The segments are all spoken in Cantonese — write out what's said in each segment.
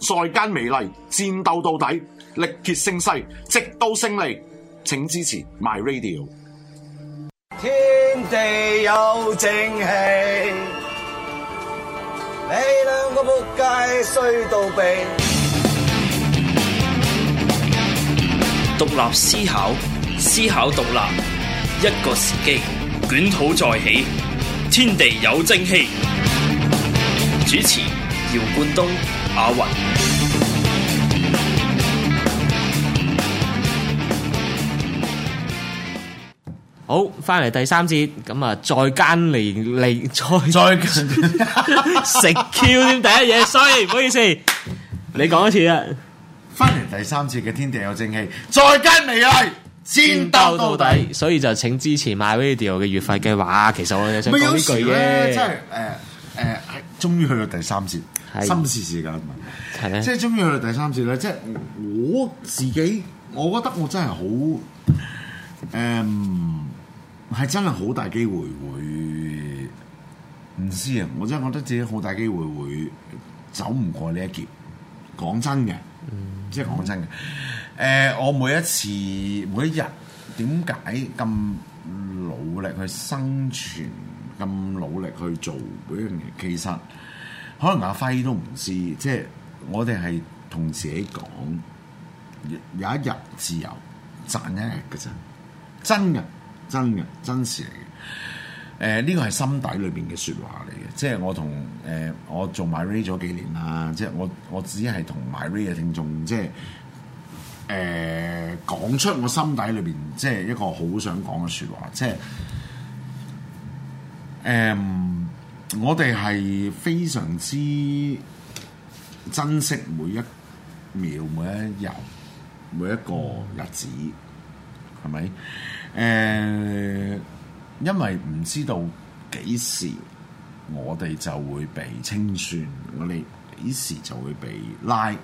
在艱美嚟，戰鬥到底，力竭勝勢，直到勝利，請支持 My Radio。天地有正氣，你兩個仆街衰到痹。獨立思考，思考獨立，一個時機，捲土再起。天地有正氣。主持：姚冠東、阿云。好，翻嚟第三節，咁啊，再奸嚟嚟，再再食 Q 添第一嘢衰，唔好意思，你講一次啦。翻嚟第三節嘅天地有正氣，再奸嚟嚟，戰鬥到底，所以就請支持 MyRadio 嘅月費計劃啊。其實我有想講呢句嘢。咪有時咧，即係誒誒，終於去到第三節，心事時間係咧，即係終於去到第三節咧，即係我自己，我覺得我真係好誒。係真係好大機會，會，會唔知啊！我真係覺得自己好大機會會走唔過呢一劫。講真嘅，嗯、即係講真嘅。誒、呃，我每一次每一日，點解咁努力去生存，咁努力去做每一樣嘢？其實可能阿輝都唔知，即係我哋係同自己講，有一日自由賺一日嘅啫，真嘅。真嘅，真事嚟嘅。誒、呃、呢、這個係心底裏邊嘅説話嚟嘅，即係我同誒、呃、我做埋 MyRadio 咗幾年啦，即係我我只係同 MyRadio 嘅聽眾，即係誒，講出我心底裏邊，即係一個好想講嘅説話，即係誒、呃、我哋係非常之珍惜每一秒、每一日、每一個日子，係咪？誒，因為唔知道幾時我哋就會被清算，我哋幾時就會被拉，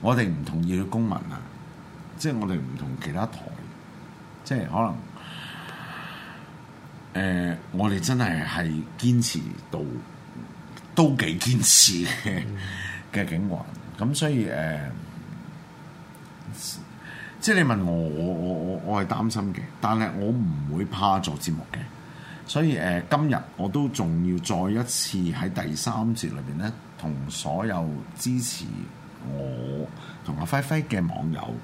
我哋唔同意嘅公民啊，即係我哋唔同其他台，即係可能誒、呃，我哋真係係堅持到都幾堅持嘅境況，咁所以誒、呃即係你問我，我我我我係擔心嘅，但係我唔會怕做節目嘅。所以誒、呃，今日我都仲要再一次喺第三節裏邊咧，同所有支持我同阿輝輝嘅網友，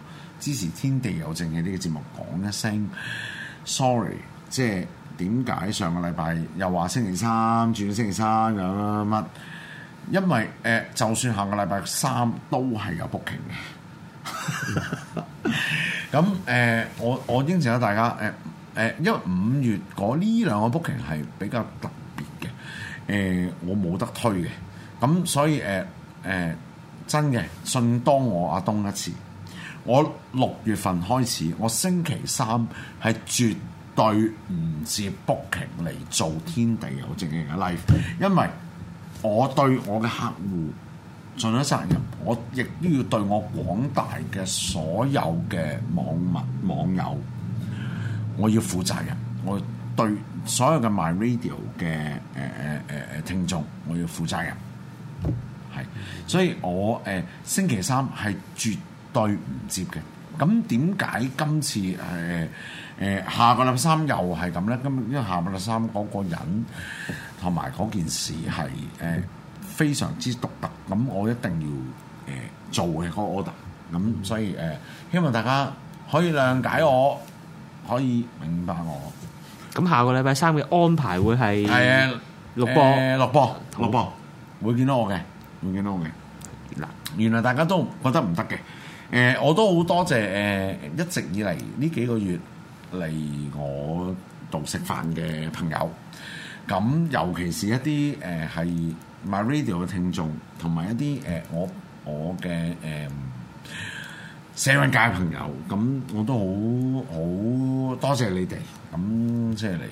支持天地有正氣呢個節目講一聲 sorry 即。即係點解上個禮拜又話星期三轉到星期三咁乜？因為誒、呃，就算下個禮拜三都係有 booking 嘅。 咁誒、呃，我我應承咗大家誒誒、呃，因為五月嗰呢兩個 booking 係比較特別嘅，誒、呃、我冇得推嘅，咁所以誒誒、呃呃、真嘅信當我阿東一次，我六月份開始，我星期三係絕對唔接 booking 嚟做天地友政氣嘅 live，因為我對我嘅客戶。盡咗責任，我亦都要對我廣大嘅所有嘅網民網友，我要負責任。我對所有嘅 My Radio 嘅誒誒誒誒聽眾，我要負責任。係，所以我誒、呃、星期三係絕對唔接嘅。咁點解今次誒誒、呃呃、下個禮拜三又係咁咧？因為下個禮拜三嗰個人同埋嗰件事係誒、呃非常之獨特，咁我一定要誒、呃、做嘅嗰個 order，咁所以誒、呃、希望大家可以諒解我，嗯、可以明白我。咁、嗯、下個禮拜三嘅安排會係係啊，錄播錄播錄播，會見到我嘅，會見到我嘅。嗱、嗯，原來大家都覺得唔得嘅，誒、呃、我都好多謝誒、呃、一直以嚟呢幾個月嚟我度食飯嘅朋友。咁尤其是一啲誒係 MyRadio 嘅聽眾，同埋一啲誒、呃、我我嘅誒社運界朋友，咁、嗯、我都好好多謝你哋，咁即係嚟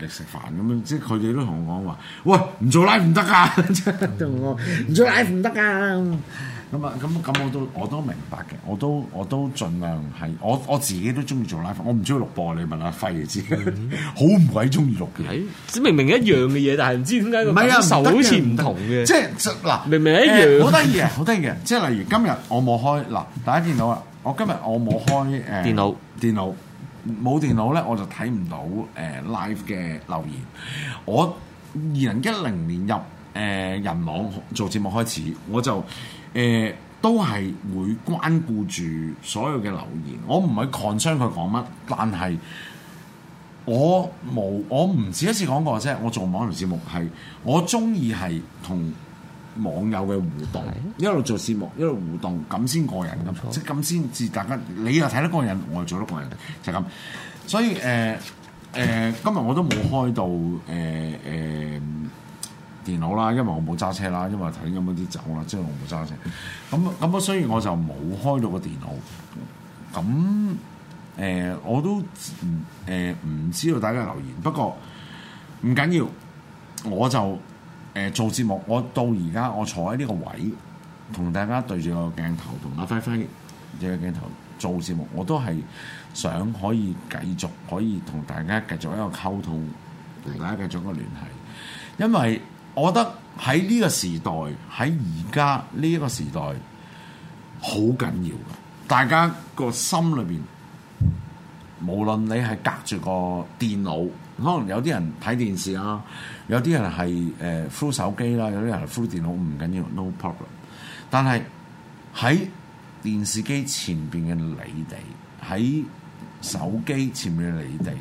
誒嚟食飯咁樣，即係佢哋都同我講話，喂，唔做 live 唔得啊，唔做 live 唔得啊！ 咁啊！咁咁，我都我都明白嘅，我都我都儘量係我我自己都中意做 live，我唔中意錄播。你問阿輝就知，好唔鬼中意錄嘅、欸。明明一樣嘅嘢，但係唔知點解個感受好似唔同嘅、啊。即係嗱，明明一樣，好得意嘅，好得意啊！即係例如今日我冇開嗱大家電腦啊，我今日我冇開誒、呃、電腦電腦冇電腦咧，我就睇唔到誒 live 嘅留言。我二零一零年入誒人網做節目開始，我就。誒、呃、都係會關顧住所有嘅留言，我唔係 concern 佢講乜，但係我冇我唔止一次講過啫，我做網紅節目係我中意係同網友嘅互動，嗎一路做節目一路互動，咁先過癮，即咁先至大家你又睇得過癮，我又做得過癮，就係、是、咁。所以誒誒、呃呃，今日我都冇開到誒誒。呃呃電腦啦，因為我冇揸車啦，因為頭先飲啲酒啦，即係我冇揸車。咁咁啊，雖然我就冇開到個電腦，咁誒、呃、我都誒唔、呃、知道大家留言，不過唔緊要，我就誒、呃、做節目。我到而家我坐喺呢個位，同大家對住個鏡頭，同阿輝輝呢個鏡頭做節目，我都係想可以繼續可以同大家繼續一個溝通，同大家繼續一個聯繫，因為。我覺得喺呢個時代，喺而家呢一個時代好緊要嘅，大家個心裏邊，無論你係隔住個電腦，可能有啲人睇電視啊，有啲人係誒敷手機啦，有啲人係敷電腦唔緊要，no problem。但係喺電視機前邊嘅你哋，喺手機前面嘅你哋，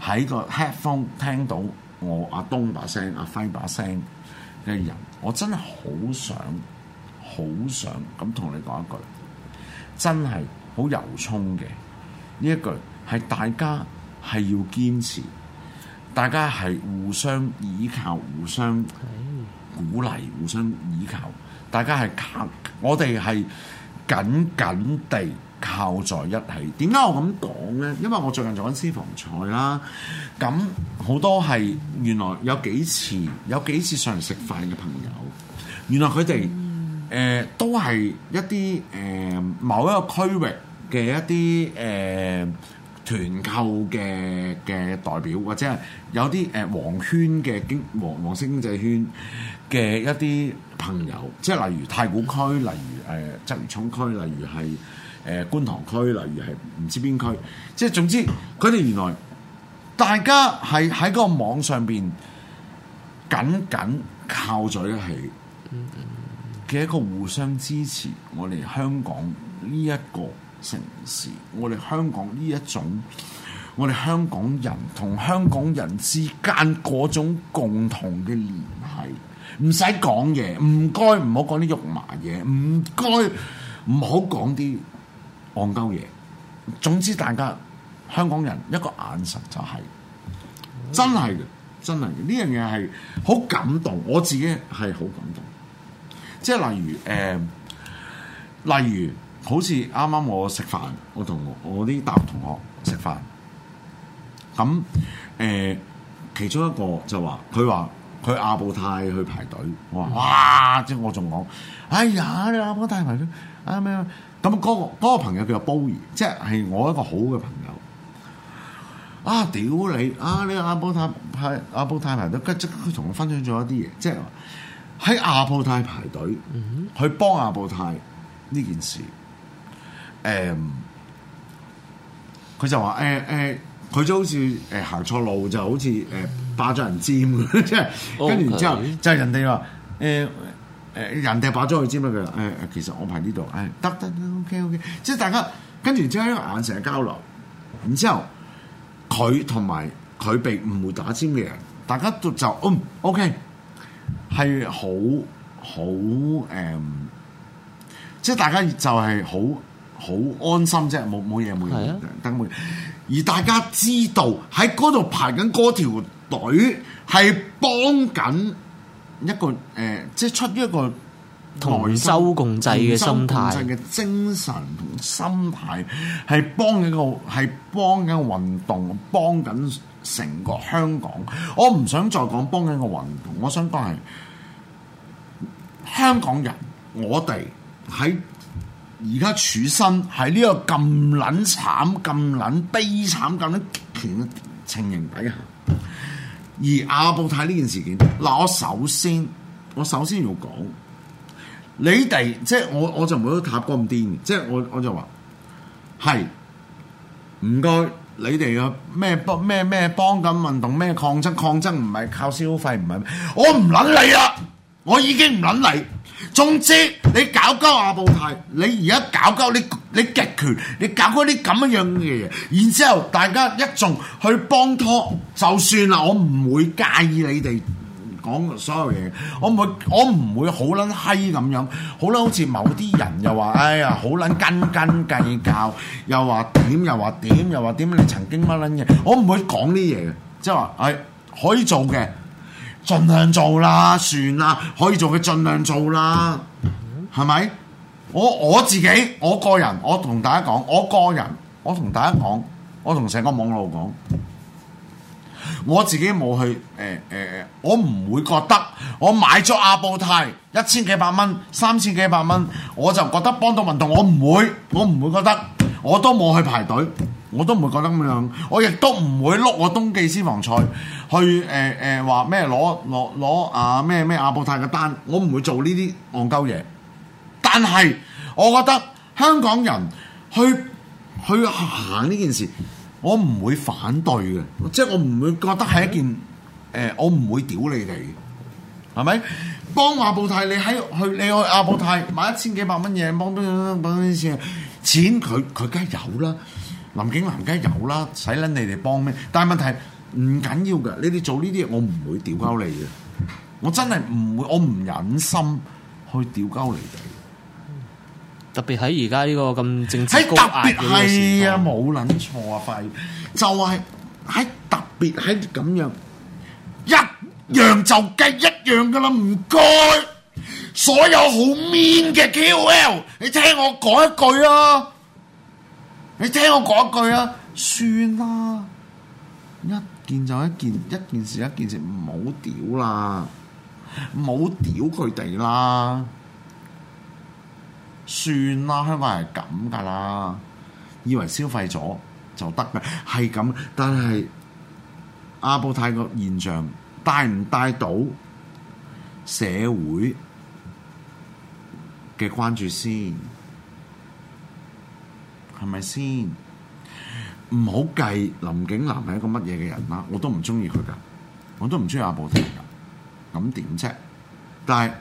喺個 headphone 聽到我阿東把聲，阿輝把聲嘅人，我真係好想好想咁同你講一句，真係好由衷嘅呢一句係，大家係要堅持，大家係互相依靠，互相鼓勵互相依靠，大家係靠我哋係緊緊地。靠在一起，點解我咁講呢？因為我最近做緊私房菜啦，咁好多係原來有幾次有幾次上嚟食飯嘅朋友，原來佢哋誒都係一啲誒、呃、某一個區域嘅一啲誒、呃、團購嘅嘅代表，或者係有啲誒、呃、黃圈嘅經黃黃色經濟圈嘅一啲朋友，即係例如太古區，例如誒鰂魚涌區，例如係。誒、呃、觀塘區，例如係唔知邊區，即係總之，佢哋原來大家係喺嗰個網上邊，緊緊靠在一起嘅一個互相支持。我哋香港呢一個城市，我哋香港呢一種，我哋香港人同香港人之間嗰種共同嘅聯繫，唔使講嘢，唔該唔好講啲肉麻嘢，唔該唔好講啲。戇鳩嘢，總之大家香港人一個眼神就係、是，真係嘅，真係嘅，呢樣嘢係好感動，我自己係好感動。即係例如誒、呃，例如好似啱啱我食飯，我同我我啲大學同學食飯，咁誒、呃，其中一個就話，佢話。去阿布泰去排隊，我話哇！Mm hmm. 即我仲講，哎呀，你阿布泰排隊啊咩？咁嗰個嗰個朋友叫做 Boey，即係我一個好嘅朋友。啊屌你！啊你阿布泰排阿布泰排隊，跟住佢同我分享咗一啲嘢，即係喺阿布泰排隊去幫阿布泰呢件事。誒、啊，佢就話誒誒，佢、啊啊、就好似誒、啊、行錯路，就好似誒。啊 mm hmm. 霸咗人尖嘅，即係跟住，然之後就係人哋話，誒誒，人哋霸咗佢尖啦佢，誒其實我排呢度，誒，得得，O K O K，即係大家跟住，之後一個眼神嘅交流，然之後佢同埋佢被誤會打尖嘅人，大家都就嗯 O K，係好好誒，即係大家就係好好安心，即係冇冇嘢，冇嘢，得冇。而大家知道喺嗰度排緊嗰條。隊係幫緊一個誒、呃，即係出於一個同舟共濟嘅心態、同舟共濟嘅精神同心態，係幫緊個係幫緊個運動，幫緊成個香港。我唔想再講幫緊個運動，我想講係香港人，我哋喺而家處身喺呢個咁撚慘，咁撚悲慘，咁樣極權嘅情形底下。而阿布泰呢件事件，嗱我首先我首先要講，你哋即係我我就唔會都塔過咁癲，即係我我就話係唔該，你哋嘅咩幫咩咩幫緊運動咩抗爭抗爭唔係靠消費唔係，我唔捻你啦，我已經唔捻你。總之，你搞鳩阿布泰，你而家搞鳩你你極權，你搞嗰啲咁樣嘅嘢，然之後大家一眾去幫拖，就算啦，我唔會介意你哋講 sorry，我唔會，我唔會好撚閪咁樣，好撚好似某啲人又話，哎呀，好撚斤斤計較，又話點，又話點，又話點，你曾經乜撚嘢，我唔會講呢嘢嘅，即係話，係、哎、可以做嘅。盡量做啦，算啦，可以做嘅盡量做啦，係咪？我我自己，我個人，我同大家講，我個人，我同大家講，我同成個網絡講，我自己冇去誒誒、欸欸，我唔會覺得我買咗阿布泰一千幾百蚊、三千幾百蚊，我就覺得幫到運動，我唔會，我唔會覺得，我都冇去排隊。我都唔會覺得咁樣，我亦都唔會碌我東記私房菜去誒誒話咩攞攞攞啊咩咩阿布泰嘅單，我唔會做呢啲戇鳩嘢。但係我覺得香港人去去行呢件事，我唔會反對嘅，即係我唔會覺得係一件誒、嗯呃，我唔會屌你哋，係咪幫阿布泰？你喺去你去阿布泰買一千幾百蚊嘢，幫幫啲錢，錢佢佢梗係有啦。林景南梗係有啦，使捻你哋幫咩？但係問題唔緊要噶，你哋做呢啲嘢我唔會吊鳩你嘅。我真係唔會，我唔忍心去吊鳩你哋。特別喺而家呢個咁政治高壓嘅時代，係啊，冇捻錯啊，快就係喺特別喺咁樣一樣就計一樣噶啦，唔該，所有好 mean 嘅 KOL，你聽我講一句啊！你聽我講句啊，算啦，一件就一件，一件事一件事，唔好屌啦，唔好屌佢哋啦，算啦，香港人係咁噶啦，以為消費咗就得嘅，係咁，但係阿布泰國現象帶唔帶到社會嘅關注先？係咪先？唔好計林景楠係一個乜嘢嘅人啦，我都唔中意佢噶，我都唔中意阿布泰噶，咁點啫？但係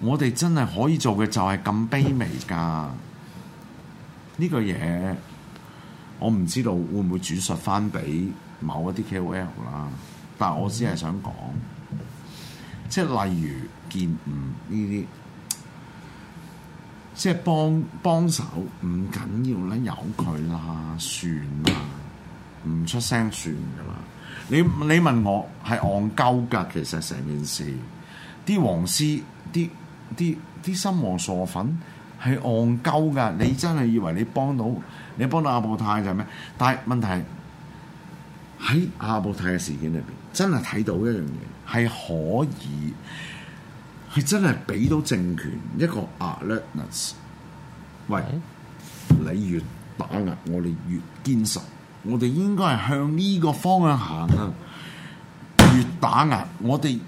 我哋真係可以做嘅就係咁卑微噶，呢、這個嘢我唔知道會唔會轉述翻俾某一啲 KOL 啦，但我只係想講，即係例如見唔呢啲。即係幫幫手唔緊要啦，由佢啦，算啦，唔出聲算㗎啦。你你問我係戇鳩㗎，其實成件事啲黃絲、啲啲啲心黃傻粉係戇鳩㗎。你真係以為你幫到你幫到阿布泰就係咩？但係問題係喺阿布泰嘅事件裏邊，真係睇到一樣嘢係可以。佢真係俾到政權一個壓力嗱，喂！你越打壓我哋越堅實，我哋應該係向呢個方向行啊！越打壓我哋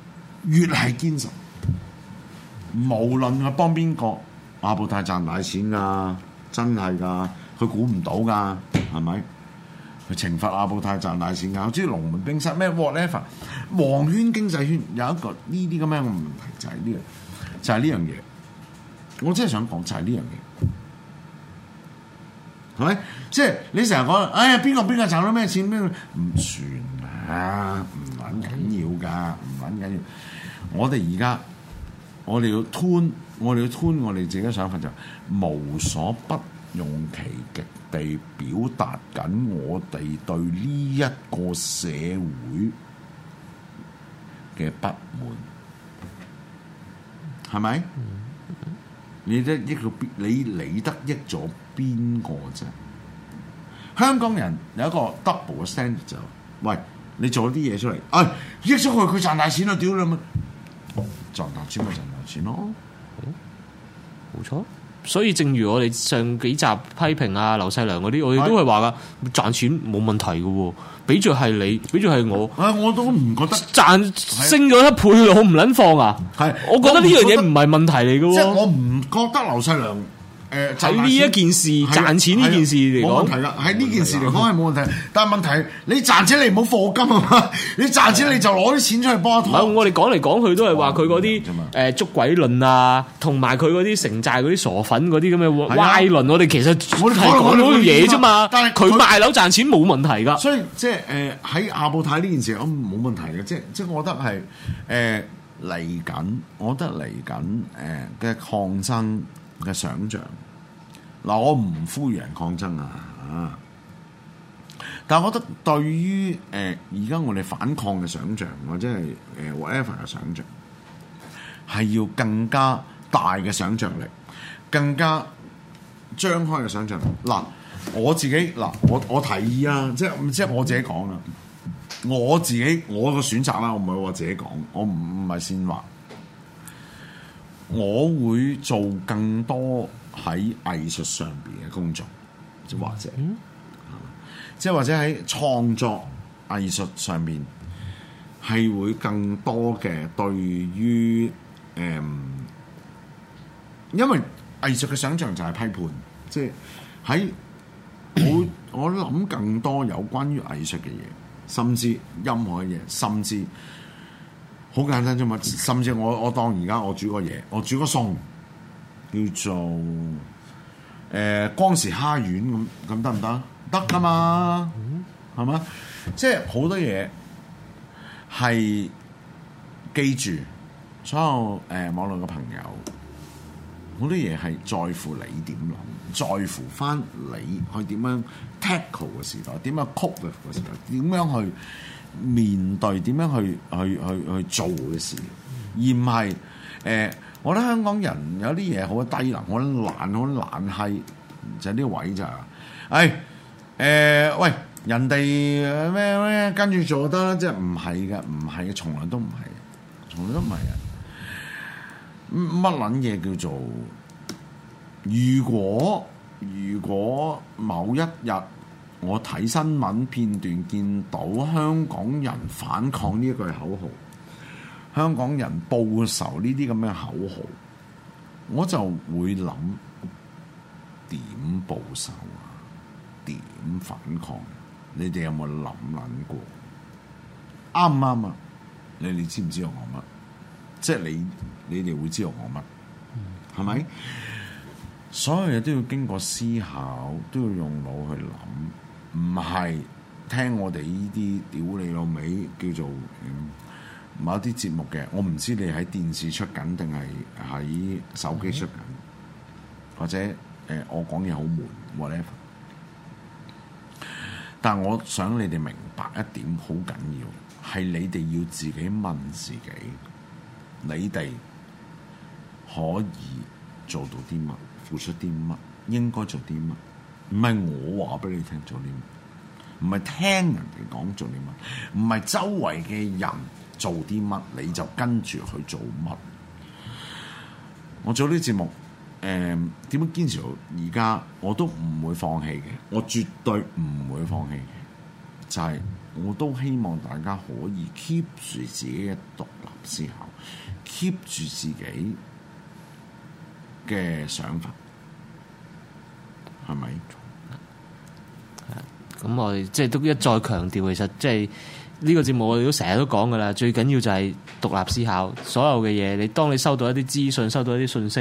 越係堅實，無論係幫邊個，阿布太賺大錢㗎、啊，真係㗎、啊，佢估唔到㗎，係咪？去懲罰阿布泰賺大錢，咬住龍門冰室咩 whatever，黃圈經濟圈有一個呢啲咁樣嘅問題仔，呢就係呢樣嘢。我真係想講就係呢樣嘢，係咪？即係你成日講，哎呀邊個邊個賺到咩錢，咩唔算啊？唔揾緊要㗎，唔揾緊要。我哋而家我哋要攤，我哋要攤，我哋自己嘅想法就係、無所不。用其極地表達緊我哋對呢一個社會嘅不滿，係咪、嗯？你得益個你你得益咗邊個啫？香港人有一個 double 嘅 standard 就，喂，你做啲嘢出嚟，哎，益咗佢，佢賺大錢啦，屌你，咪賺大錢，咪賺大錢咯，冇、哦、錯。所以，正如我哋上幾集批評啊劉世良嗰啲，我哋都係話噶賺錢冇問題嘅，比著係你，比住係我。啊，我都唔覺得賺升咗一倍，我唔捻放啊！係是，我覺得呢樣嘢唔係問題嚟嘅。即係我唔覺得劉世良。誒，就呢一件事賺錢呢件事嚟講，冇問題啦。喺呢件事嚟講係冇問題， 但係問題你賺錢你唔好課金啊嘛！ 你賺錢你就攞啲錢出去幫。唔係，的我哋講嚟講去都係話佢嗰啲誒捉鬼論啊，同埋佢嗰啲城寨嗰啲傻粉嗰啲咁嘅歪論，的我哋其實我哋係講嗰樣嘢啫嘛。但係佢賣樓賺錢冇問題噶。他題所以即係誒喺阿布泰呢件事，我冇問題嘅。即即係我覺得係誒嚟緊，我覺得嚟緊誒嘅抗爭。嘅想象，嗱我唔呼籲人抗爭啊，但係我覺得對於誒而家我哋反抗嘅想象，或者係誒、呃、whatever 嘅想象，係要更加大嘅想象力，更加張開嘅想象力。嗱，我自己嗱我我提議啊，即係即係我自己講啊，我自己我個選擇啦，我唔係、啊、我，我自己講，我唔唔係先話。我會做更多喺藝術上邊嘅工作，即或者，即係或者喺創作藝術上面，係會更多嘅對於誒、嗯，因為藝術嘅想象就係批判，即係喺我我諗更多有關於藝術嘅嘢，甚至任何嘢，甚至。好簡單啫嘛，甚至我我當而家我煮個嘢，我煮個餸叫做誒光時蝦丸咁，咁得唔得？得噶嘛，係嘛、嗯？即係好多嘢係記住所有誒、呃、網絡嘅朋友，好多嘢係在乎你點諗，在乎翻你去點樣 tackle 嘅時代，點樣曲嘅時代，點樣去。面對點樣去去去去做嘅事，而唔係誒，我覺得香港人有啲嘢好低能，好 懶，好懶係 就啲位、哎呃、就係誒喂，人哋咩咩跟住做得啦，即係唔係嘅，唔係嘅，從來都唔係，從來都唔係啊！乜撚嘢叫做如果如果某一日？我睇新聞片段，見到香港人反抗呢一句口號，香港人報仇呢啲咁嘅口號，我就會諗點報仇啊？點反抗？你哋有冇諗諗過？啱唔啱啊？你哋 知唔知道我乜？即係你你哋會知道我乜？係咪？ 所有嘢都要經過思考，都要用腦去諗。唔係，聽我哋呢啲屌你老尾叫做、嗯、某一啲節目嘅，我唔知你喺電視出緊定係喺手機出緊，或者誒、呃、我講嘢好悶 whatever。但我想你哋明白一點好緊要，係你哋要自己問自己，你哋可以做到啲乜，付出啲乜，應該做啲乜。唔係我話俾你聽做啲乜，唔係聽人哋講做啲乜，唔係周圍嘅人做啲乜你就跟住去做乜。我做呢啲節目，誒、呃、點樣堅持到而家我都唔會放棄嘅，我絕對唔會放棄嘅。就係、係、我都希望大家可以 keep 住自己嘅獨立思考，keep 住自己嘅想法，係咪？咁我哋即係都一再強調，其實即係呢個節目我哋都成日都講噶啦。最緊要就係獨立思考，所有嘅嘢，你當你收到一啲資訊，收到一啲信息，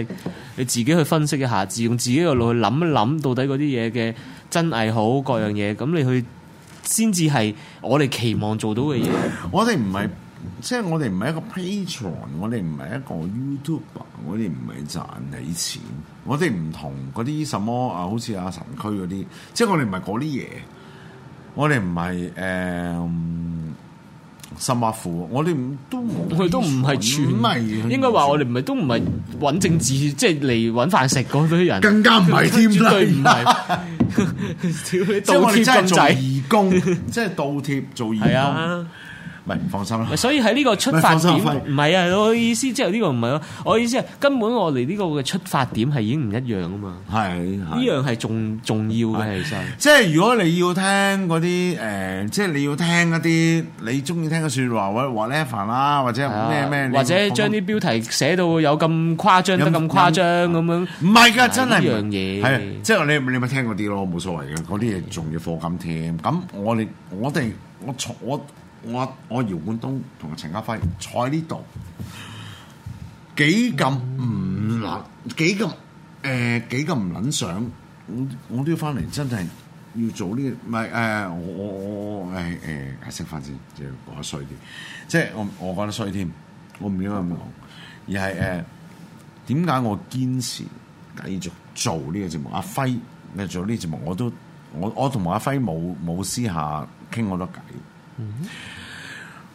你自己去分析一下，自用自己嘅腦去諗一諗，到底嗰啲嘢嘅真偽好各樣嘢，咁你去先至係我哋期望做到嘅嘢。我哋唔係，即係我哋唔係一個 Patreon，我哋唔係一個 YouTuber，我哋唔係賺你錢，我哋唔同嗰啲什麼啊，好似阿神區嗰啲，即係我哋唔係嗰啲嘢。我哋唔係誒，心挖苦。我哋都唔，我哋都唔係迷，應該話我哋唔係都唔係揾政治，即係嚟揾飯食嗰啲人，更加唔係添啦，絕 對唔係，倒貼公仔，即係倒貼做義工。 咪唔放心咯，所以喺呢個出發點唔係啊！我嘅意思即係呢個唔係咯，我意思係根本我哋呢個嘅出發點係已經唔一樣啊嘛。係，呢樣係重重要嘅，其實。即係如果你要聽嗰啲誒，即係你要聽一啲你中意聽嘅説話，或者 whatever 啦，或者咩咩，或者將啲標題寫到有咁誇張得咁誇張咁樣，唔係㗎，真係一樣嘢。即係你你咪聽嗰啲咯，冇所謂嘅，嗰啲嘢仲要課金添。咁我哋我哋我坐我。我我姚冠東同陳嘉輝坐喺呢度幾咁唔捻，幾咁誒幾咁唔捻想，我都要翻嚟，真係要做呢個？唔係誒，我我我誒誒解釋翻先即係，就講得衰啲，即係我我講得衰添，我唔應該咁講，而係誒點解我堅持繼續做呢個節目？阿輝你做呢個節目，我都我我同阿輝冇冇私下傾好多偈。Mm hmm.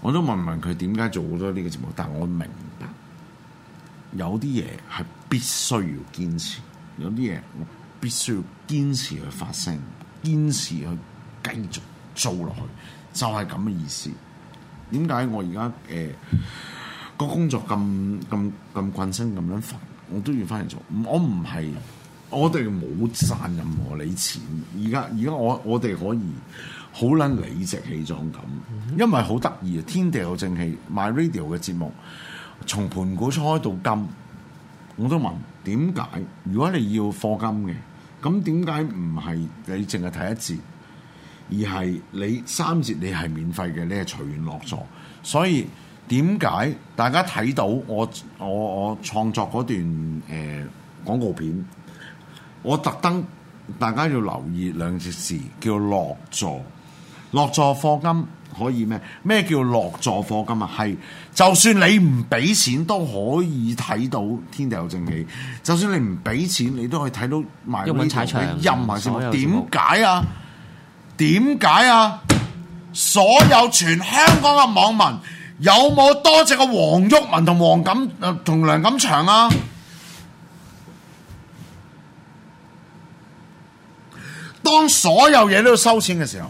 我都問問佢點解做好多呢個節目，但我明白有啲嘢係必須要堅持，有啲嘢我必須要堅持去發聲，堅持去繼續做落去，就係咁嘅意思。點解我而家誒個工作咁咁咁困身咁樣煩，我都要翻嚟做？我唔係。我哋冇賺任何你錢。而家而家我我哋可以好撚理直氣壯咁，因為好得意啊！天地有正氣，MyRadio 嘅節目，從盤古初開到今，我都問點解？如果你要課金嘅，咁點解唔係你淨係睇一節，而係你三節你係免費嘅？你係隨緣落座。所以點解大家睇到我我我創作嗰段誒、呃、廣告片？我特登，大家要留意兩隻字，叫落座。落座課金可以咩？咩叫落座課金啊？係，就算你唔俾錢都可以睇到天地有正氣。就算你唔俾錢，你都可以睇到埋。毓民踩場。任埋先，點解啊？點解啊？所有全香港嘅網民，有冇多謝個黃毓民同黃錦同梁錦祥啊？當所有嘢都要收錢嘅時候，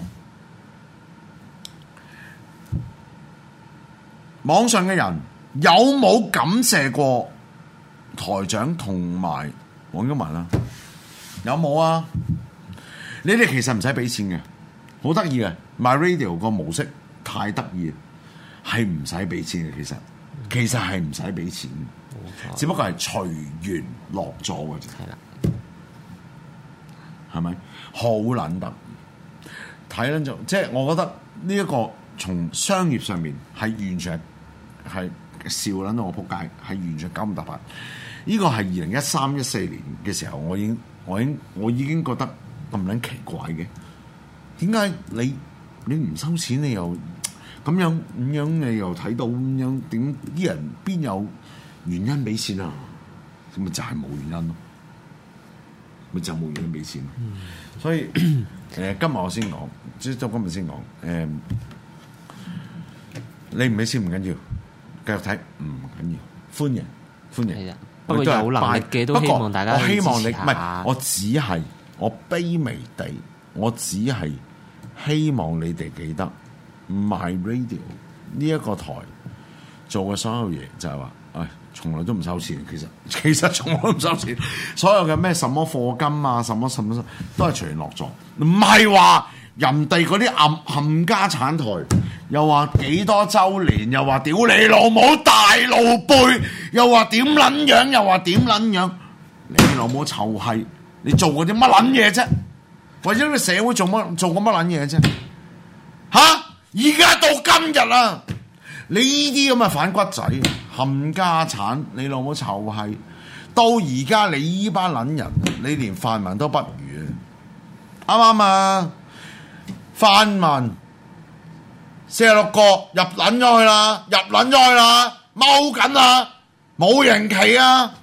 網上嘅人有冇感謝過台長同埋黃金文啊？有冇啊？你哋其實唔使俾錢嘅，好得意嘅，my radio 個模式太得意，係唔使俾錢嘅。其實其實係唔使俾錢 Okay. 只不過係隨緣落座嘅啫。係咪好撚得？睇撚就，即係我覺得呢一個從商業上面係完全係笑撚到我仆街，係完全九唔搭八。呢個係二零一三一四年嘅時候，我已經我已經我已經覺得咁撚奇怪嘅。點解你你唔收錢，你又咁樣咁樣，你又睇到咁樣點？啲人邊有原因俾錢啊？咁咪就係冇原因咯。咪就冇嘢俾錢，所以誒今日我先講，即係就今日先講誒、嗯，你唔俾錢唔緊要，繼續睇唔、嗯、緊要，歡迎歡迎，不過有賣嘅都希望大家希望你，唔係，我只係我卑微地，我只係希望你哋記得 MyRadio 呢一個台做嘅所有嘢，就係話誒。從來都唔收錢，其實其實從來都唔收錢，所有嘅咩什麼課金啊，什麼什麼，什麼都係隨緣樂助。唔係話人哋嗰啲冚冚家產台，又話幾多周年，又話屌你老母大露背，又話點捻樣，又話點捻樣，你老母臭閪，你做過啲乜捻嘢啫？或者你社會做乜做過乜捻嘢啫？吓、啊，而家到今日啊，你呢啲咁嘅反骨仔！冚家產，你老母臭閪！到而家你依班捻人，你連泛民都不如啊！啱唔啱啊？泛民四十六個入捻咗去啦，入捻咗去啦，踎緊啦，冇人企啊！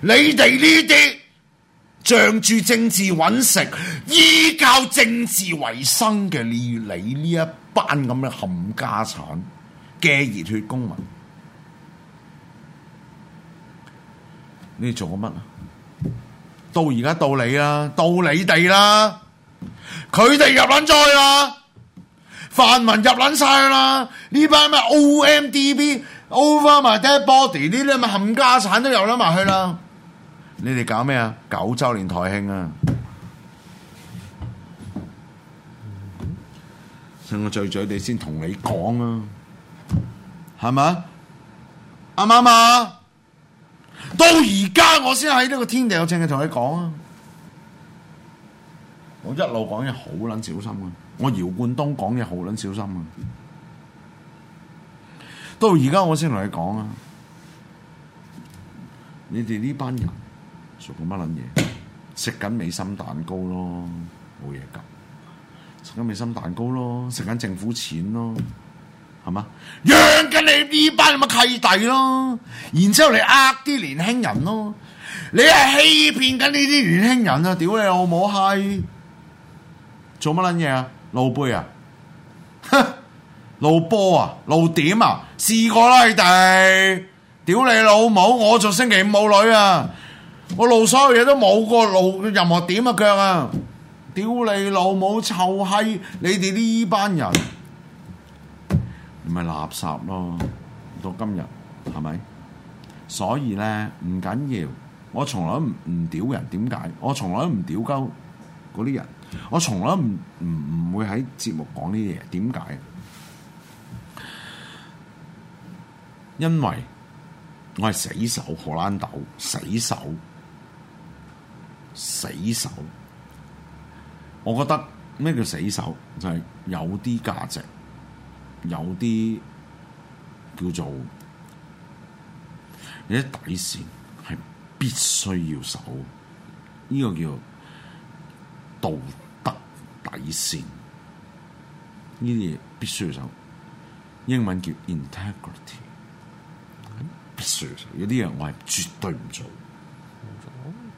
你哋呢啲仗住政治揾食，依靠政治為生嘅，你要你呢一班咁嘅冚家產。.嘅熱血公民，你哋做過乜啊？到而家到你啦，到你哋啦，佢哋入捻災啦，泛民入捻晒啦，呢班咩 OMDB、Over My Dead Body 呢啲咪冚家產都入捻埋去啦。你哋搞咩啊？九周年台慶啊！我醉醉地先同你講啊！係咪？啱唔啱啊？到而家我先喺呢個天地友政氣同你講啊！我一路講嘢好捻小心啊。我姚冠東講嘢好捻小心啊。到而家我先同你講啊！你哋呢班人做緊乜捻嘢？食緊美心蛋糕咯，冇嘢㗎。食緊美心蛋糕咯，食緊政府錢咯。係嘛？養緊你呢班咁嘅契弟咯，然之後你呃啲年輕人咯，你係欺騙緊呢啲年輕人啊！屌你老母閪！做乜撚嘢啊？露背啊？露波啊？露點啊？試過啦你哋！屌你老母！我做星期五冇女啊！我露所有嘢都冇過露任何點嘅、啊、腳啊！屌你老母臭閪！你哋呢班人！咪垃圾咯，到今日係咪？所以呢，唔緊要，我從來都唔屌人，點解？我從來都唔屌鳩嗰啲人，我從來唔唔唔會喺節目講呢啲嘢，點解？因為我係死守荷蘭豆，死守死守，我覺得咩叫死守就係、是、有啲價值。有啲叫做有啲底線係必須要守，呢、這個叫道德底線，呢啲嘢必須要守。英文叫 integrity，、嗯、必須要守。有啲嘢我係絕對唔做。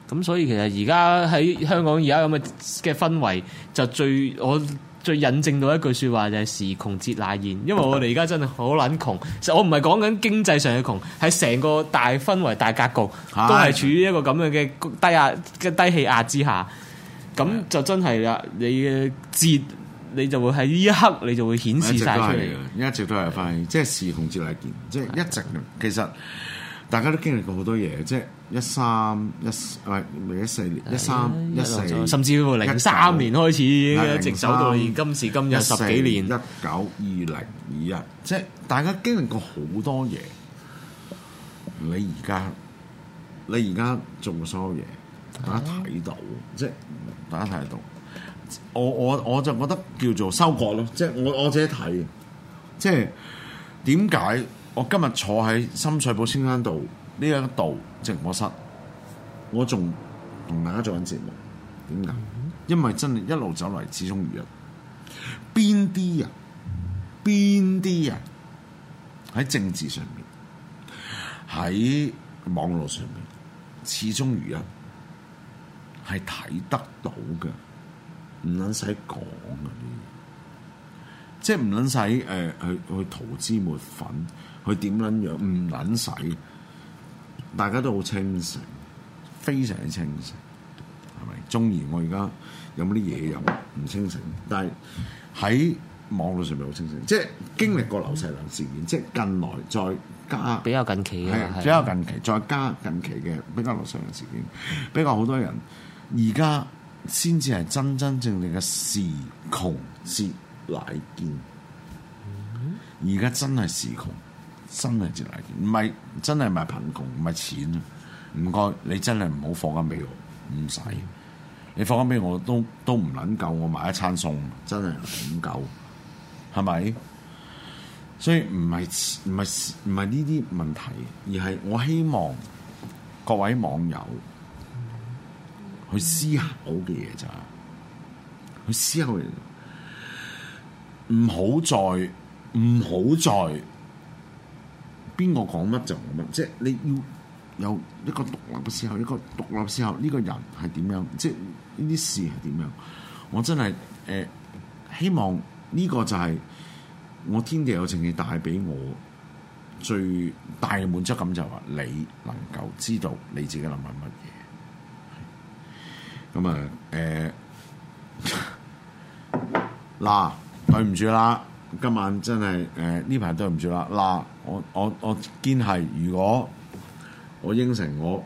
咁、嗯、所以其實而家喺香港而家咁嘅嘅氛圍，就最我。最引證到一句説話，就係時窮節乃見，因為我哋而家真係好撚窮。其實我唔係講緊經濟上嘅窮，係成個大氛圍、大格局都係處於一個咁樣嘅低壓嘅低氣壓之下。咁的就真係啦！你嘅節你就會喺呢一刻，你就會顯示晒出嚟。一直都係翻，即係的時窮節乃見，即係一直的其實。大家都經歷過好多嘢，即係一三一唔係一四年，係，一三一四，甚至乎零三年開始一，零三、零三，直走到今時今日十幾年，一九二零二一，即係大家經歷過好多嘢。你而家你而家做所有嘢，啊、大家睇到，即係大家睇到，啊、我我我就覺得叫做收割咯，即係我我自己睇，即係點解？我今日坐喺深水埗青山道呢一度直播室，我仲同大家做緊節目，點解？因為真係一路走嚟，始終如一。邊啲人？邊啲人？喺政治上面，喺網絡上面，始終如一，係睇得到嘅，唔撚使講嘅。即係唔撚使誒，去去塗脂抹粉，去點撚樣？唔撚使，大家都好清醒，非常之清醒，係咪？中二我而家有冇啲嘢飲唔清醒，但係喺網絡上面好清醒。即係經歷過劉細良事件，即係近來再加比較近期嘅，是的比較近期的再加近期嘅比較劉細良事件，比較好多人而家先至係真真正正嘅時窮時乃見，而家真係時窮，真係節乃見，唔係真係唔係貧窮，唔係錢啊，唔該，你真係唔好放緊俾我，唔使，你放緊俾我都都唔捻夠，我買一餐餸，真係唔夠，係咪？所以唔係唔係唔係呢啲問題，而係我希望各位網友去思考嘅嘢咋，去思考。唔好再唔好再邊個講乜就講乜，即係你要有一個獨立嘅思考，一個獨立嘅思考，呢、呢個人係點樣，即係呢啲事係點樣。我真係誒、呃，希望呢個就係我天地友政氣帶畀我最大嘅滿足感，就係話你能夠知道你自己諗緊乜嘢。咁啊，誒、呃、嗱。 對唔住啦，今晚真係誒呢排對唔住啦。嗱，我我我堅係，如果我應承我，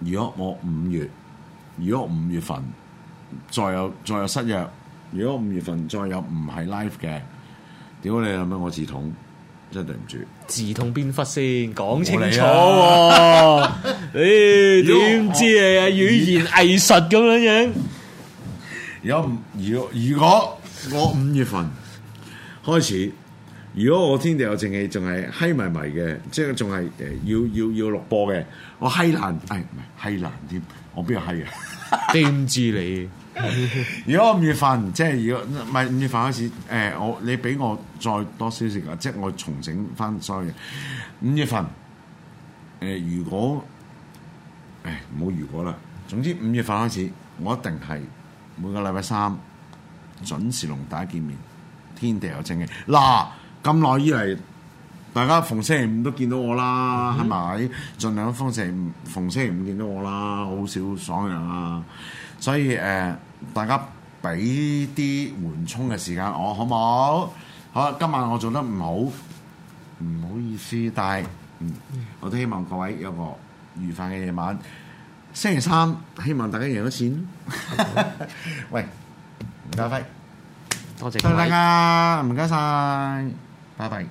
如果我五月，如果五月份再有再有失約，如果五月份再有唔係 live 嘅，屌你諗乜我自痛，真對唔住，自痛邊忽先？講清楚喎！咦來、啊？點、 哎、知你係語言藝術咁樣樣？如果如如果我五月份。 開始，如果我天地有正氣，仲係閪埋埋嘅，即係仲係誒要要要錄播嘅，我閪難誒唔係閪難啲？我邊有閪啊？點知你？如果五月份即係如果唔係五月份開始，誒、呃、我你俾我再多少少啊！即係我重整翻所有。五月份誒、呃、如果唔好如果啦，總之五月份開始，我一定係每個禮拜三準時同大家見面。嗯嗯。天地有正義嗱，咁、啊、耐以嚟，大家逢星期五都見到我啦，係咪、嗯？盡量逢星逢星期五見到我啦，好少爽人啦、啊。所以誒、呃，大家俾啲緩衝嘅時間我，好唔好？好，今晚我做得唔好，唔好意思，但係、嗯、我都希望各位有個愉快嘅夜晚。星期三希望大家贏到錢。 喂，唔該、嗯。拜拜。多謝，多謝大家，唔該曬，拜拜。